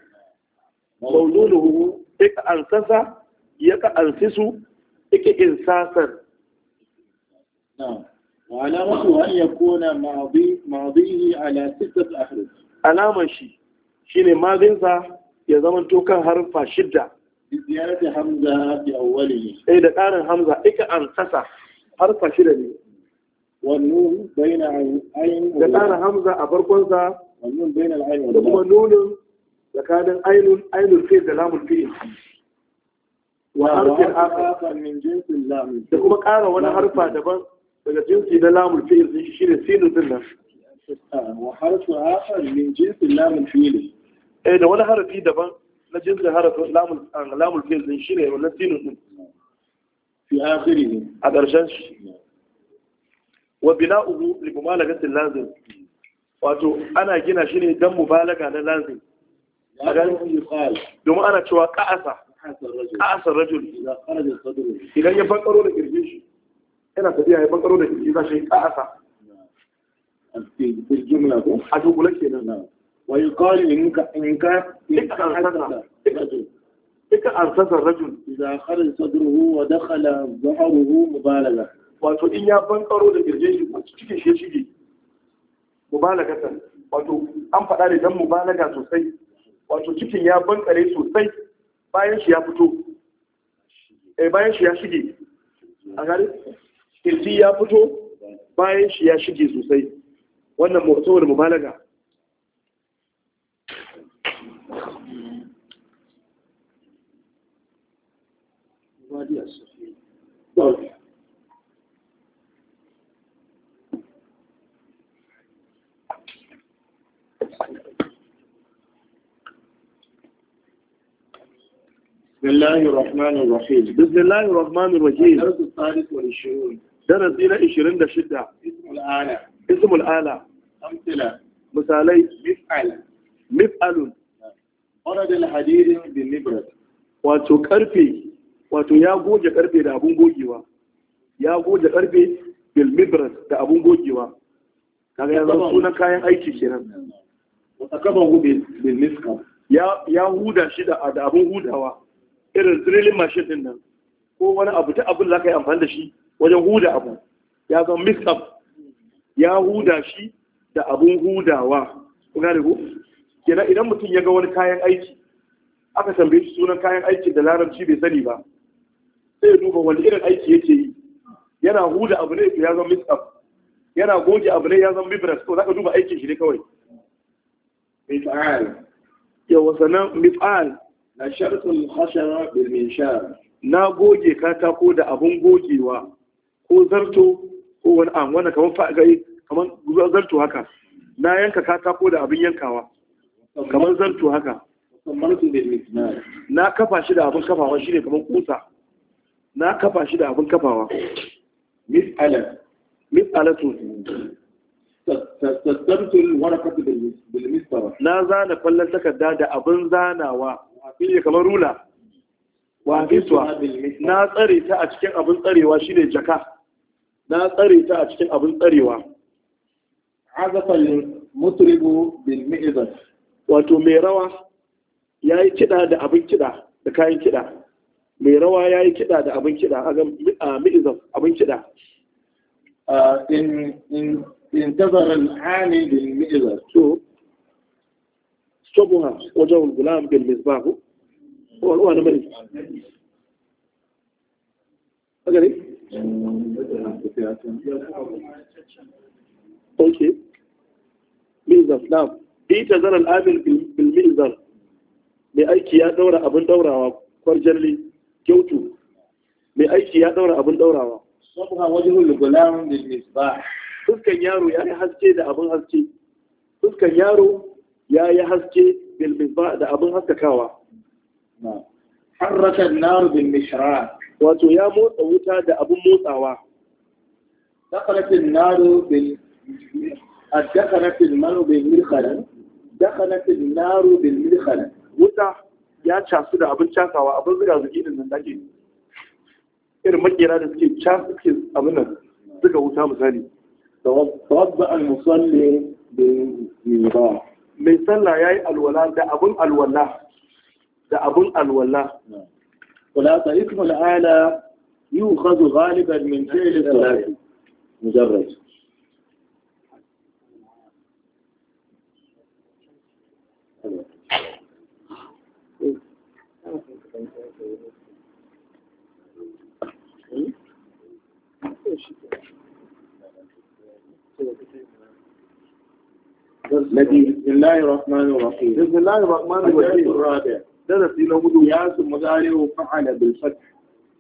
mawluluhu ansasa. ya ka ansisu yake insasar alamatu an yakuna madihi ala sittat ahruf alaman shi ne mazinsa ya zama tokan harfa shidda ziyarati hamza bi awwalihi eh da karin hamza ika ansasa harfa shida ne da karin hamza a farkonsa wannan bayna ayin da kuma nunin tsakanin ainihin ainihin fiye da lamun fiye harfin min jinsin lamun da kuma ƙara wani harfa daban daga jinsi na lamun fi'il din shi ne sinin din nan wa min jinsin lamun eh da wani harfi daban na jinsin harfin lamun lamun fi'il din shi ne wannan sinin din fi a ƙarshen shi wa bina'uhu li mubalagatin lazim wato ana gina shi ne don mubalaga na lazim domin ana cewa ka'asa ka'asar rajul idan ya bankaro da kirjin shi yana tafiya ya bankaro da kirji za shi ko a dubula kenan na. wa yi kawai in ka in ka duka arsasar rajul idan harin sadruhu wa dakhala zaharuhu mubalaga wato in ya bankaro da kirjin shi ko cikin shi shige mubalagatan wato an faɗa da dan mubalaga sosai wato cikin ya bankare sosai bayan shi ya fito eh bayan shi ya shige a gari kirji ya fito bayan shi ya shige sosai wannan saboda mubalaga Wadi a بسم الله الرحمن الرحيم بسم الله الرحمن الرحيم الدرس الثالث والعشرون درس إلى عشرين دشدة اسم الآلة اسم الآلة أمثلة مثالي مفعل مفعل ورد الحديد wato karfe ya goge karfe da abun gogewa ya goge kayan aiki kenan ya huda shi da abun hudawa irin drilling machine din nan ko wani abu ta abin za ka yi amfani da shi wajen huda abu ya zama mix up ya huda shi da abun hudawa ku gane ku kenan idan mutum ya ga wani kayan aiki aka tambaye shi sunan kayan aiki da larabci bai sani ba sai ya duba wani irin aiki yake yi yana huda abu ne ya zama mix up yana goge abu ne ya zama vibras ko zaka duba aikin shi ne kawai mif'al yawa sanan mif'al na shartul hashara bil minshar na goge katako da abun gogewa ko zarto ko wani an wani kamar fa'agari kamar zarto haka na yanka katako da abin yankawa kamar zarto haka na kafa shi da abin kafawa shine kamar kusa na kafa shi da abin kafawa mis'ala mis'alatu na zana kwallon takarda da abin zanawa shine kamar rula wa biswa na tsare ta a cikin abin tsarewa shi ne jaka na tsare ta a cikin abin tsarewa azafal mutribu bil mi'zan wato mai rawa ya yi kida da abin kida da kayan kida mai rawa ya yi kida da abin kida a mi'izan abin kida in in intazara al'ani bil mi'zan to wajen gulam الغلام بالمصباح Wani na bane haka ne ok mizar na bi ta zarar amil bil mai aiki ya daura abin daurawa kwarjalli kyautu mai aiki ya daura abin daurawa sabuwa wajen lugulan bil misbah fuskan yaro ya yi haske da abin haske fuskan yaro ya yi haske bil da abin haskakawa harrakan naru bin mishra wato ya motsa wuta da abin motsawa dakalatin naru bin dakalatin naru bin mirkhala dakalatin naru bin mirkhala wuta ya casu da abin casawa abin zira zuki da nan dake irin makera da suke casu suke abin nan wuta misali tawabba al-musalli bi ba mai sallah yi alwala da abin alwala da abun alwala wala ta ismul ala yukhadhu ghaliban min fi'li salati mujarrad الذي بسم الله الرحمن الرحيم بسم الله الرحمن الرحيم الرابع darasi na hudu ya su muzari wa fa'ala bil fath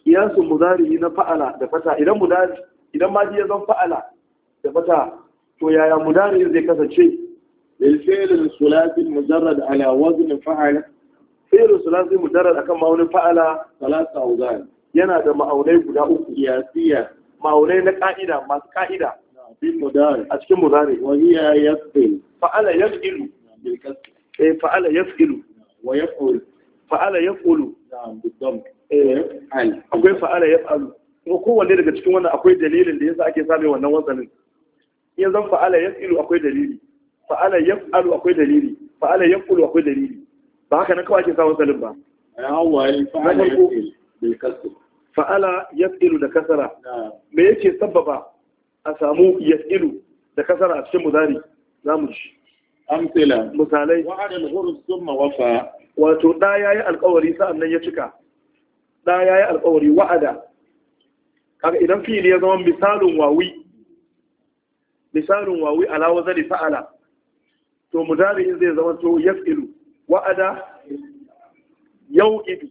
ya su muzari na fa'ala da fata idan muzari idan ma ya zan fa'ala da fata to yaya muzari zai kasance lil fi'l sulasi mujarrad ala wazn fa'ala fi'l sulasi mujarrad akan ma'aunin fa'ala salasa awzan yana da ma'aunai guda uku siyasiya ma'aunai na ka'ida masu ka'ida a cikin muzari wani ya yasfil fa'ala yasfilu eh fa'ala yasfilu wa fa'ala ya ƙulu akwai fa'ala ya ƙalu kuma kowanne daga cikin wannan akwai dalilin da yasa ake same wannan wasanin iya zan fa'ala ya ƙilu akwai dalili fa'ala ya ƙalu akwai dalili fa'ala ya ƙulu akwai dalili ba haka nan kawai ake samun salin ba fa'ala ya ƙilu da kasara me yake sabbaba a samu ya ƙilu da kasara a cikin muzari za mu ji. amsila misalai wa'adal ghurz thumma wafa wato da yayi alƙawari sa'annan ya cika da yayi alƙawari wa'ada kaga idan fili ya zama misalun wawi misalun wawi ala wazani fa'ala to in zai zama to yaf'ilu wa'ada yau'idu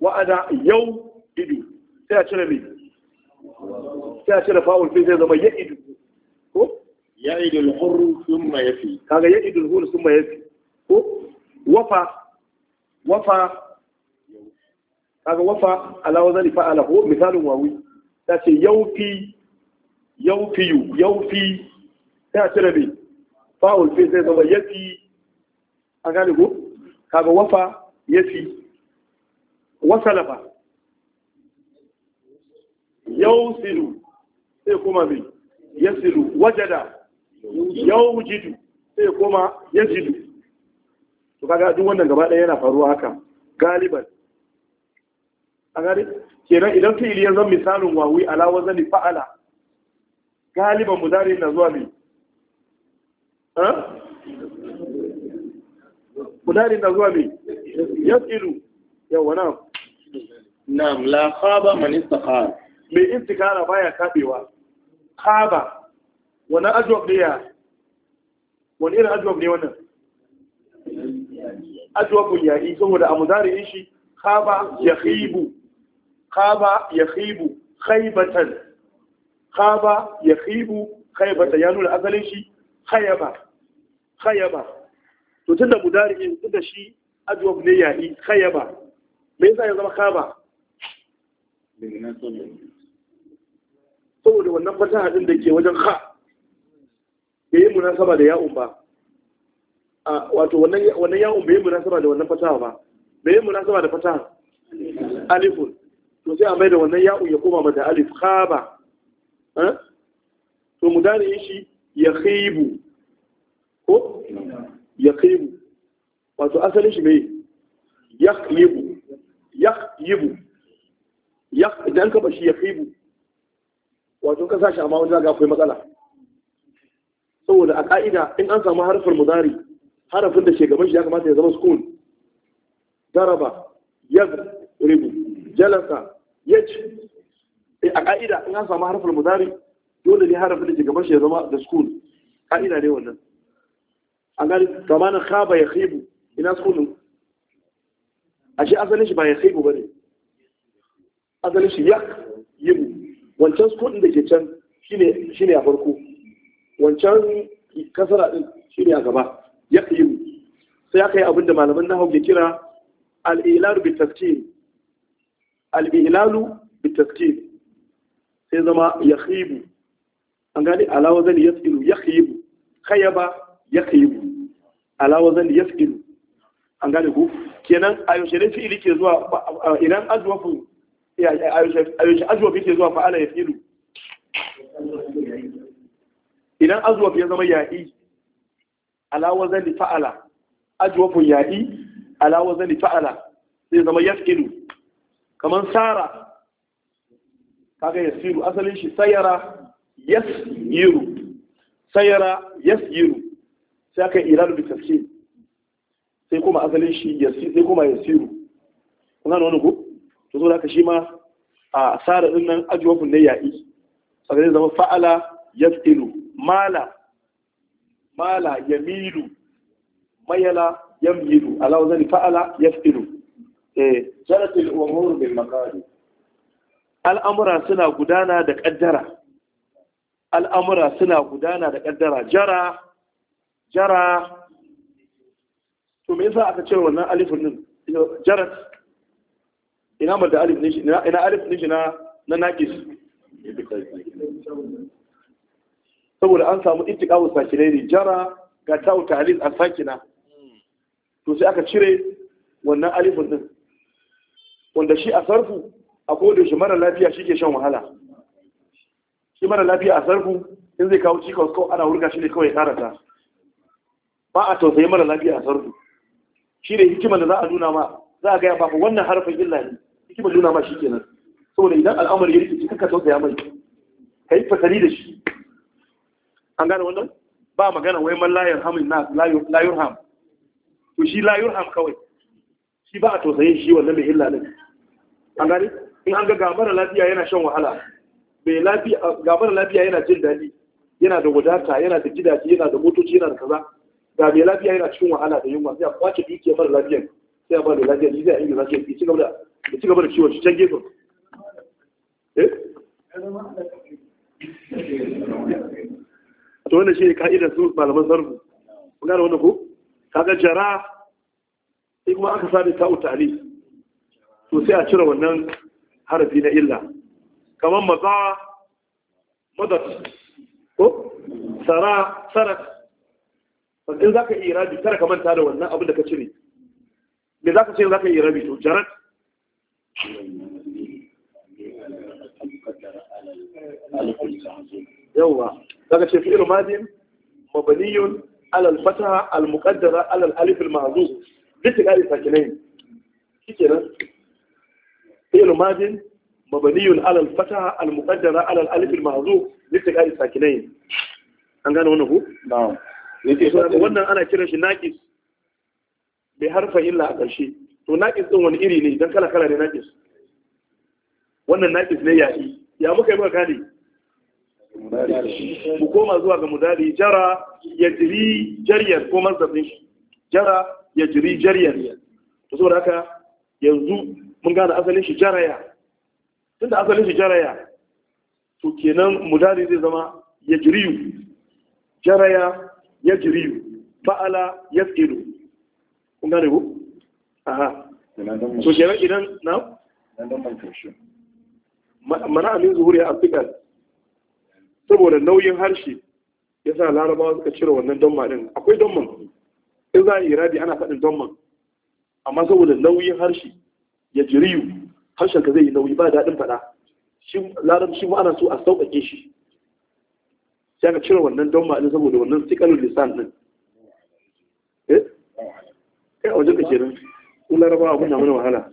wa'ada yaw'idu sai a cire me sai a cire fa'ul fi zai zama ya'idu ya idul hurru summa yafi kaga ya hurru yafi ko wafa wafa kaga wafa ala fa ala ko misalin wawi ta ce yaufi yaufiyu yaufi ta cire bi fa'ul fi sai zama yafi a gane kaga wafa yafi wasalafa yausilu sai kuma bi yasilu wajada yau jidu sai koma ya jidu to kaga duk wannan gaba ɗaya yana faruwa haka galiban a gari kenan idan fi'ili ya zan misalin wawi ala wazani fa'ala galiban mudari na zuwa mai eh? mudari na zuwa mai yasiru yawa na na'am la khaba man istakhara mai istikara baya kabewa khaba wani ajwab ne ya wani irin ajwab ne wannan ajwabul ya'i saboda a muzari'in shi khaba ya khibu khaba ya khibu khaibatan khaba ya khibu khaibatan ya nuna asalin shi khayaba khayaba to tunda mudari'in tunda shi ajwab ne ya'i khayaba me yasa ya zama khaba saboda wannan fata hadin da ke wajen ha bai yi munasaba da ya'un ba wato wannan ya'un bai yi munasaba da wannan fatawa ba bai yi munasaba da fata, alifun to sai a mai da wannan ya'un ya koma mata alif khaba eh? to mu dane shi ya khibu ko ya khibu wato asalin shi mai ya khibu ya khibu idan ka bashi ya khibu wato ka sashi amma wani zaga akwai matsala saboda a ka'ida in an samu harfin mudari harafin da ke gaban shi ya kamata ya zama sukun daraba yadribu jalasa yaji eh, a ka'ida in an samu harfin mudari dole ne harafin da ke gaban shi ya zama da sukun ka'ida ne wannan an gani kamanin khaba ya khibu ina sukunin ashe asalin shi ba ya khibu ne? asalin shi yak yibu wancan sukunin da ke can shine a farko wancan kasara din shi ne a gaba ya yi sai aka yi da malaman nahawu ke kira al-ilalu bi taskin al-ilalu bi taskin sai zama ya khibu an gani alawa zan yasilu ya khibu khayaba ya khibu alawa zan yasilu an gane ku kenan a yaushe ne fi'ili ke zuwa idan azwafu a yaushe azwafi ke zuwa fa'ala ya fi'ilu idan azwaf ya zama ya'i ala wazani fa'ala ajwafun ya'i ala wazani fa'ala sai zama yafkidu kaman sara kaga yasiru asalin shi sayara yasiru sayara yasiru sai aka iradu bi tafsir sai kuma asalin shi yasiru sai kuma yasiru Kuma da wani ku to zo da ka shi ma a sara dinnan nan ne ya'i sai zama fa'ala yasiru mala mala yamilu mayala yamilu ala wazan fa'ala yaf'ilu eh jarat al umur bil maqadi al'amura suna gudana da kaddara al'amura suna gudana da kaddara jara jara to me yasa aka ce wannan alifin din jarat ina mal da alif ne ina alif ne na na nakis saboda an samu ittiqa'u sakinai jara ga ta'u ta'lil a sakina to sai aka cire wannan alifun din wanda shi a sarfu a koda shi mara lafiya shi ke shan wahala shi mara lafiya a sarfu in zai kawo cikas ko ana wurga shi ne kawai karanta ba a tausayi mara lafiya a sarfu shi ne hikimar da za a nuna ma za a gaya baku wannan harfin illa ne hikimar nuna ma shi kenan saboda idan al'amari ya rikici kaka tausaya mai ka yi fasari da shi an gane wannan ba magana wai man layar hamun na layur ham to shi layur ham kawai shi ba a tausayin shi wannan mai illa ne an gane in an ga gamara lafiya yana shan wahala mai lafiya gamara lafiya yana jin daɗi yana da wadata yana da gidaje yana da motoci yana da kaza ga mai lafiya yana cikin wahala da yunwa sai a kwace dukiya mara lafiya sai a ba da lafiya ni zai inda lafiya ki ci gaba da ki ci gaba da ciwon cikin gefen eh to wannan shi ne ka'idar su malaman sarfu kun gane wannan ko kaga jara sai kuma aka sani ta'u ta'ali to sai a cire wannan harafi na illa kamar maza madat ko sara sarat in za ka yi rabi tara ka manta da wannan abin da ka cire me za ka ce za ka yi rabi to jarat alifin yawwa daga ce fi'il madin mabniyun ala al-fataha al-muqaddara ala al-alif al-mahzuf bi tiqali sakinain shikenan fi'il madin mabniyun ala al-fataha al-muqaddara ala al-alif al-mahzuf bi tiqali sakinain an gane wannan ku na'am wannan ana kiran shi naqis bai harfa illa a ƙarshe to naƙis ɗin wani iri ne don kala kala ne naƙis wannan naƙis ne ya'i ya muka yi muka gane mu koma zuwa ga mudari jara ya jiri jariyar ko mazabin jara ya jiri jariyar to saboda haka yanzu mun gane asalin shi jaraya tun da asalin shi jaraya to kenan mudari zai zama ya jiriyu jaraya ya jiriyu fa'ala ya tsiru kun gane ku? aha so kenan idan na? mana amin zuhuri a afirka saboda nauyin harshe ya sa larabawa suka cire wannan donma din akwai damman in za a yi rabi ana faɗin donma amma saboda nauyin harshe ya jiriyu harshen ka zai yi nauyi ba daɗin faɗa larabci ma ana so a sauƙaƙe shi sai aka cire wannan donma din saboda wannan sikalin lisan din eh kai a wajen ka kenan ko larabawa kuna na mana wahala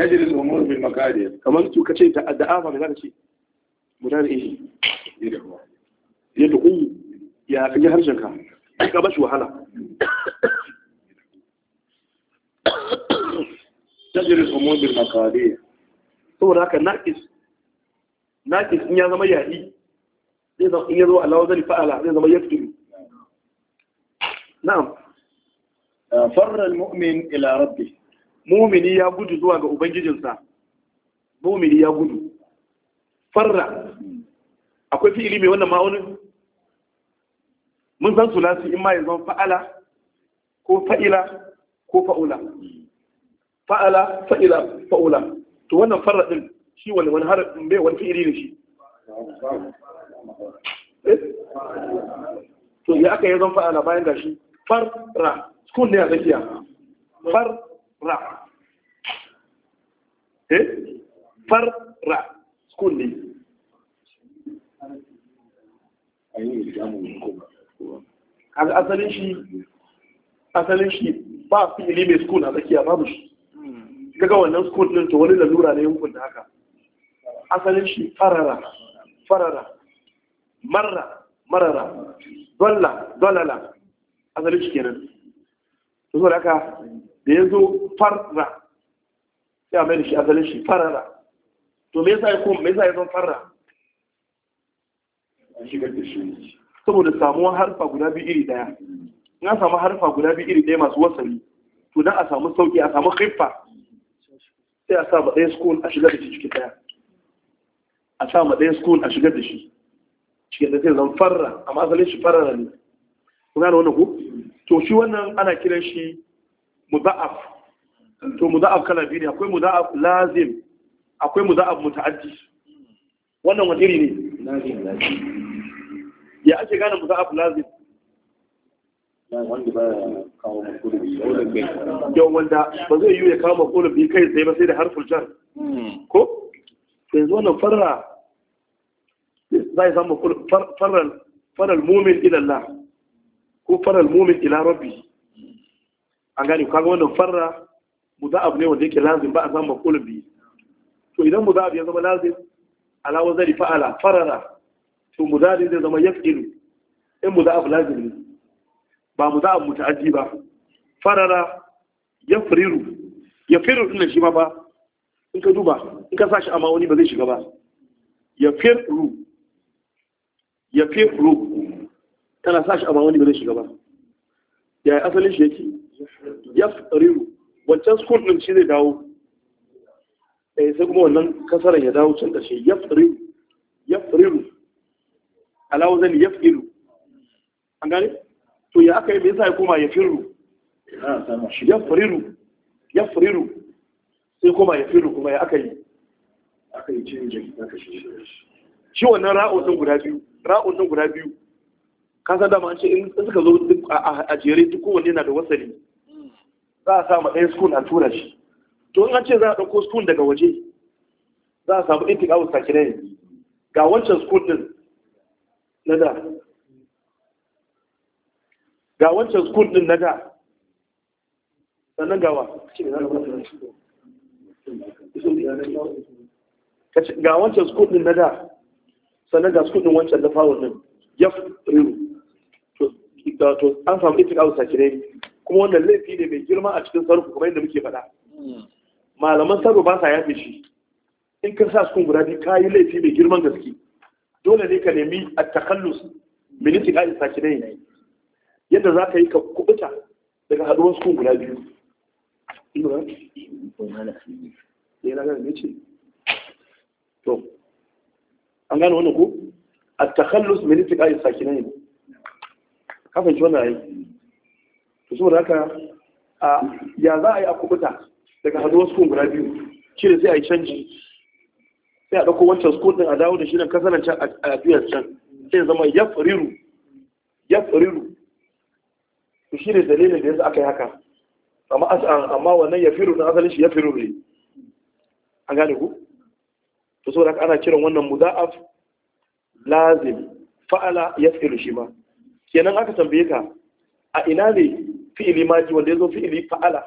تجري الأمور بالمقادير كمان تو كشيء الدعافة من هذا الشيء مدار إيه يدعو يا يا هرجك كبش وحلا تجري الأمور بالمقادير تو راك ناقص ناقص إن يا زما يهدي إذا إن يزوا الله ذلك فعل إذا زما يكتب نعم آه، فر المؤمن إلى ربه mumini ya gudu zuwa ga ubangijinsa mumini ya gudu farra akwai fi'ili mai wannan ma'aunin mun san sulasi in ma yanzu fa'ala ko fa'ila ko fa'ula fa'ala fa'ila fa'ula to wannan farra din shi wani wani harafin bai wani fi'ili ne shi eh? to ya aka yi zan fa'ala bayan gashi farra sukun ne a tsakiya farra ra eh far ra school ne kaga asalin shi asalin shi ba fi mai sukun a tsakiya babu shi kaga wannan sukun din to wani lalura ne yankun da haka asalin shi farara farara marra marara dolla dolala asalin shi kenan to da haka da ya zo farra sai a mai da shi asalin shi farara to me yasa ya kuma me yasa ya zan farra saboda samuwar harfa guda biyu iri daya na samu harfa guda biyu iri daya masu wasali to dan a samu sauki a samu khiffa sai a sa ma ɗaya school a shigar da shi cikin daya a sa ma ɗaya school a shigar da shi cikin da sai zan farra amma asalin shi farara ne kuna da wannan ku to shi wannan ana kiran shi muza'af to muza'af kala biyu ne akwai muza'af lazim akwai muza'af muta'addi wannan wani iri ne ya ake gane muza'af lazim wanda ba kawo yau wanda ba zai yi ya kawo makulun bi kai sai ba sai da harful jar hmm. ko yanzu wannan farra za ya samu farar mumin ilallah ko farar mumin ila rabbi an gane kaga wannan farra abu ne wanda yake lazim ba a zama maqulun biyu to idan abu ya zama lazim ala zari fa'ala farara to muza'ab zai zama fi in abu lazim ne ba muza'ab aji ba farara ya firiru ya firiru din shi ma ba in ka duba in ka sashi amma wani ba zai shiga ba ya ya firiru tana sashi amma wani ba zai shiga ba yi asalin shi yake yafriru wancan sukun din shi zai dawo eh sai kuma wannan kasaran ya dawo can ya yafriru yafriru ala ya yafiru an gane to ya aka yi me yasa ya koma yafiru ya yafriru sai koma yafiru kuma ya aka yi aka yi canjin aka shi shi wannan ra'un din guda biyu ra'un din guda biyu ka san dama an ce in suka zo a jere duk kowanne na da wasali za a samu ɗaya skun a tura shi to in an ce za a ɗauko skun daga waje za a samu intik awus sakinai ga wancan skun ɗin na da ga wancan skun ɗin na da sannan gawa ga wancan skun ɗin na da sannan ga skun ɗin wancan na fawon ɗin ya fi to an samu intik awus sakinai kuma wannan laifi ne mai girma a cikin sarrafa kamar yadda muke faɗa malaman sarrafa ba sa yafe shi in ka sa sukun guda biyu ka yi laifi mai girman gaske dole ne ka nemi a takallus miniti ka isa ki yadda za ka yi ka kubuta daga haɗuwar sukun guda biyu to an gane wani ko a takallus miniti ka isa ki ne ka fahimci wannan ayi to saboda haka ya za a yi a kubuta daga wasu kun guda biyu shi da sai a yi canji sai a ɗauko wancan sukun ɗin a dawo da shi nan kasanan can a biyar can sai zama ya firiru ya firiru to shi ne dalilin da yasa aka yi haka amma amma wannan ya firu na asalin shi ya firu ne an gane ku to saboda ana kiran wannan muda'af lazim fa'ala ya firu shi ma kenan aka tambaye ka a ina ne fi'ili maji wanda ya zo fi'ili fa'ala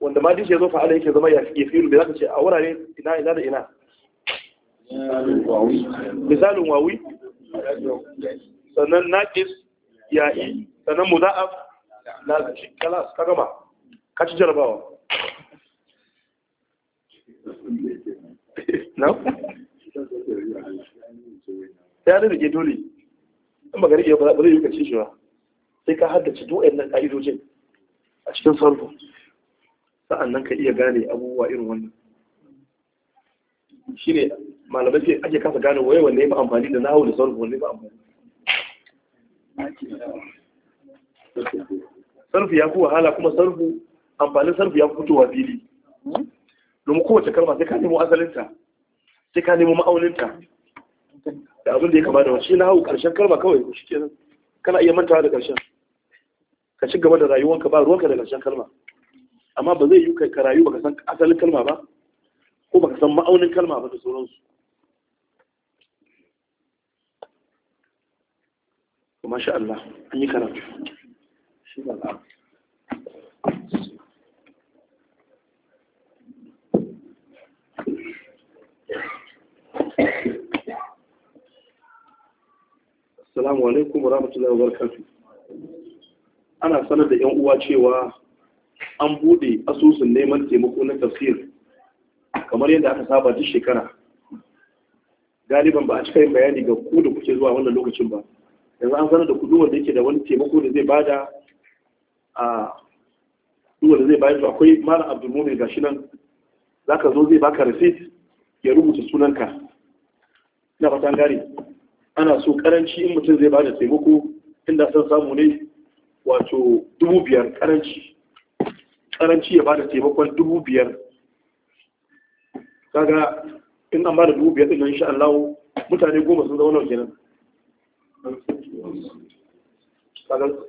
wanda maji shi ya zo fa'ala yake zama ya fi'ilu da za ka ce a wurare ina ina da ina misalin wawi sannan ya yi sannan muza'af lazici kalas ka gama ka ci jarabawa <laughs> na? ya da ke dole in gari iya ba zai yi kaci shi ba sai ka haddace duk wayannan ƙa'idojin a cikin sarfu sa'annan ka iya gane abubuwa irin wannan Shi ne malamai ke ake kasa gane waye wanda ya fi amfani da nahu da sarfu wanne ya fi amfani sarfu ya fi wahala kuma sarfu amfanin sarfu ya fi fitowa fili domin kowace kalma sai ka nemo asalinta sai ka nemo ma'auninta da abin da ya kama da wace na hau ƙarshen kalma kawai shi kenan kana iya mantawa da ƙarshen ka ci gaba da rayuwanka ba ruwanka da ƙarshen kalma amma ba zai yi kai ka rayu baka san asalin kalma ba ko baka san ma'aunin kalma ba da sauransu kuma sha Allah an yi karatu shi ba Allah Assalamu alaikum wa rahmatullahi wa barakatuh ana sanar da 'yan uwa cewa an bude asusun neman taimako na tafsir kamar yadda aka saba duk shekara galiban ba a cika yin bayani ga ku da kuke zuwa wannan lokacin ba yanzu an sanar da ku wanda yake da wani taimako da zai bada a wanda zai bayar akwai malam abdulmumin gashi nan za ka zo zai baka receipt ya rubuta sunanka ina fatan gari ana so karanci in mutum zai bada taimako inda san samu ne wato dubu biyar karanci karanci ya bada taimakon dubu biyar kaga in an bada dubu biyar ɗin insha Allah mutane goma sun zauna kenan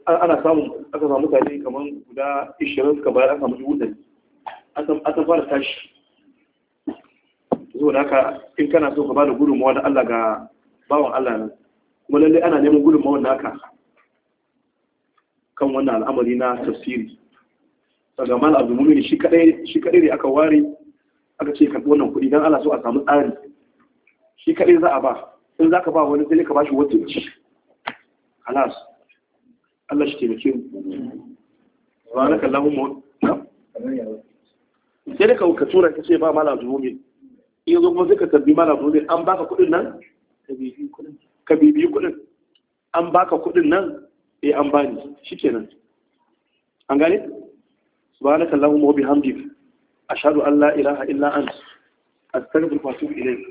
ana samun aka samu mutane kamar guda 20 suka bayar aka samu dubu ɗari aka fara tashi da aka in kana so ka bada gudunmawa da Allah ga bawan Allah nan kuma lallai ana neman gudunmawa naka kan wannan al'amari na tafsiri daga mal abdulmumin shi kadai shi kadai ne aka ware aka ce karbi wannan kuɗi dan Allah so a samu tsari shi kadai za a ba in zaka ba wani sai ka bashi wakilci خلاص الله يشتمكي بارك mu. sai ka ka tura ka ce ba mala zuhumi in zo kuma sai ka tabbi mala zuhumi an baka kudin nan ka bibi kudin an baka kudin nan eh an bani shikenan an gane subhanaka allahumma wa bihamdik ashhadu an la ilaha illa anta astaghfiruka wa atubu ilayk